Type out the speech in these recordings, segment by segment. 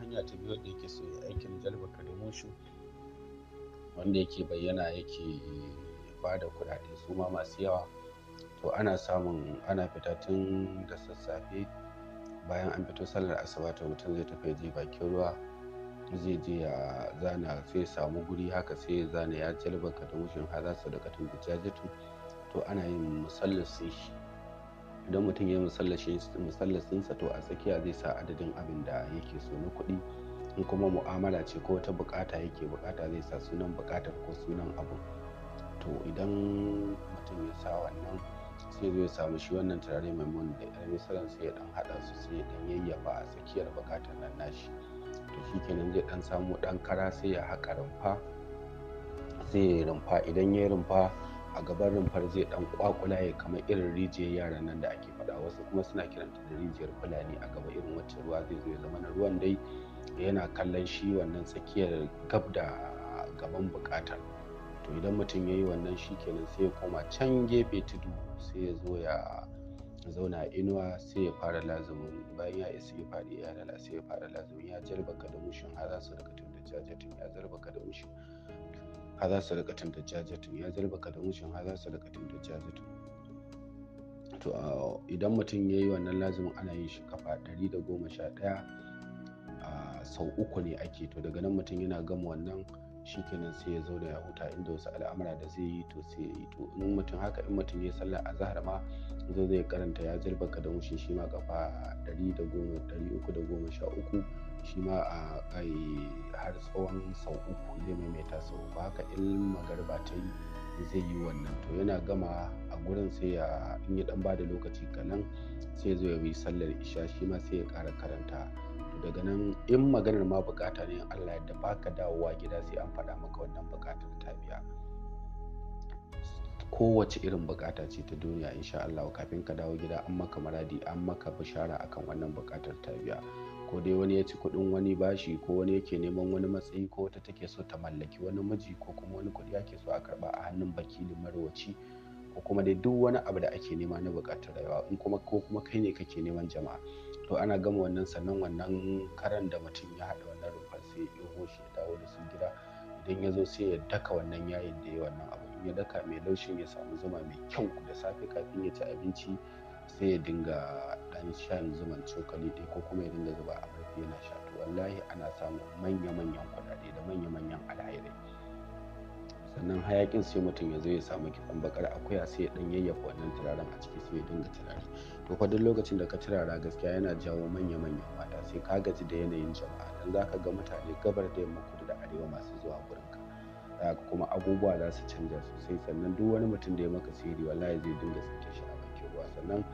hanya ta biyu da yake so ya aikin jalba karimushu wanda yake bayyana yake ba da kuɗaɗe su ma masu yawa to ana samun ana fita tun da sassafe bayan an fito sallar asaba ta mutum zai tafi je bakin ruwa zai je ya zana sai samu guri haka sai ya zana ya jalba karimushin har za su da katin to ana yin musallin sai shi idan mutum ya musallacinsa to a tsakiya zai sa adadin abin da yake so na kuɗi in kuma mu'amala ce ko ta bukata yake bukata zai sa sunan bukatar ko sunan abu to idan mutum ya sa wannan sai zai samu shi wannan turare mai mun da yan misalan sai ya dan hada su sai ya dan yayyafa a tsakiyar bukatar nan nashi to kenan zai dan samu dan kara sai ya haƙa rumfa sai ya rumfa idan ya rumfa a gaban rumfar zai dan kwakulaye kamar irin rijiyar yaran nan da ake faɗa wasu kuma suna kiranta da rijiyar fulani a gaba irin wacce ruwa zai zo ya zama ruwan dai yana kallon shi wannan tsakiyar gab da gaban bukatar to idan mutum ya yi wannan shi kenan sai ya koma can gefe tudu sai ya zo ya zauna inuwa sai ya fara lazumin bayan ya isa ya faɗi ya lala sai ya fara lazumin ya jarba kadamushin har za su daga tun da ya jarba kadamushin haza sadaqatan dajjajatun ya zalbaka da mushin haza sadaqatan dajjajatun to idan mutum yayi wannan lazumin ana yin shi kafa ɗaya sau uku ne ake to daga nan mutum yana gama wannan shikenan sai ya zauna ya huta inda wasu al'amura da zai yi to sai ya yi to in mutum haka in mutum ya sallah a zahar ma zai zai karanta ya zirba da mushe shi ma kafa uku shi ma a kai har tsawon sau uku zai maimaita sau uku haka in ta yi zai yi wannan to yana gama a gurin sai ya in ya dan da lokaci kanan sai ya zo ya yi sallar isha shi ma sai ya kara karanta daga nan in maganar ma bukata ne Allah yadda dawo wa gida sai an faɗa maka wannan bukatar ta biya kowace irin bukata ce ta duniya insha Allah kafin ka dawo gida an maka maradi an maka bishara akan wannan bukatar ta ko dai wani ya ci kuɗin wani bashi ko wani yake neman wani matsayi ko wata take so ta mallaki wani miji ko kuma wani kuɗi ake so a karɓa a hannun bakilin marwaci ko kuma dai duk wani abu da ake nema na bukatar rayuwa in kuma ko kuma kai ne kake neman jama'a to ana gama wannan sannan wannan karan da mutum ya haɗa wannan rumfar sai ya ɗebo shi ya dawo da su gida idan ya zo sai ya daka wannan yayin da ya yi wannan abu in ya daka mai laushin ya samu zuma mai kyau da safe kafin ya ci abinci sai ya dinga ɗan shan zuman cokali ɗaya ko kuma ya dinga zuba a barfi yana sha to wallahi ana samun manya-manyan kuɗaɗe da manya-manyan alhairai sannan hayakin sai mutum ya zo ya samu kifin bakar akuya sai ya ɗan yayyafa wannan turaren a ciki sai ya dinga turare. to fa duk lokacin da ka cirara gaskiya yana jawo manya-manyan mata sai ka gaji da yanayin jama'a dan zaka ga mutane gabar da yamma kudu da arewa masu zuwa ka ka aka kuma abubuwa za su canja sosai sannan duk wani mutum da ya maka sihiri wallahi zai dinga sake shi a bakin ruwa sannan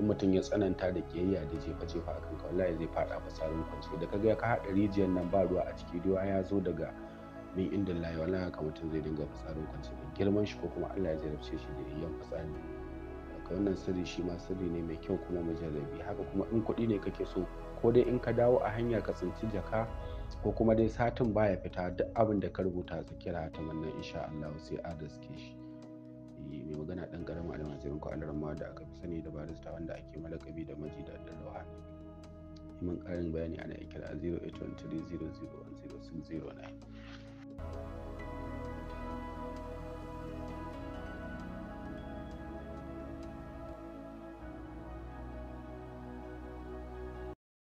in mutum ya tsananta da kiyayya da jefa-jefa a kanka wallahi zai faɗa fasarin kwanci da ka ga ka haɗa rijiyar nan ba ruwa a ciki ruwa ya zo daga min inda layi wallahi haka mutum zai dinga fasarin kwanci da girman shi ko kuma Allah ya jarabce shi da yayyan fasari wannan sirri shi ma sirri ne mai kyau kuma jarrabi haka kuma in kuɗi ne kake so ko dai in ka dawo a hanya ka tsinci jaka ko kuma dai satin baya fita duk abin da ka rubuta su kira ta manna insha Allah sai a daske shi eh, mai magana dan karamin almajirin ko ma da aka fi sani da barista wanda ake malakabi da maji da dan rohani mun karin bayani ana kira 0823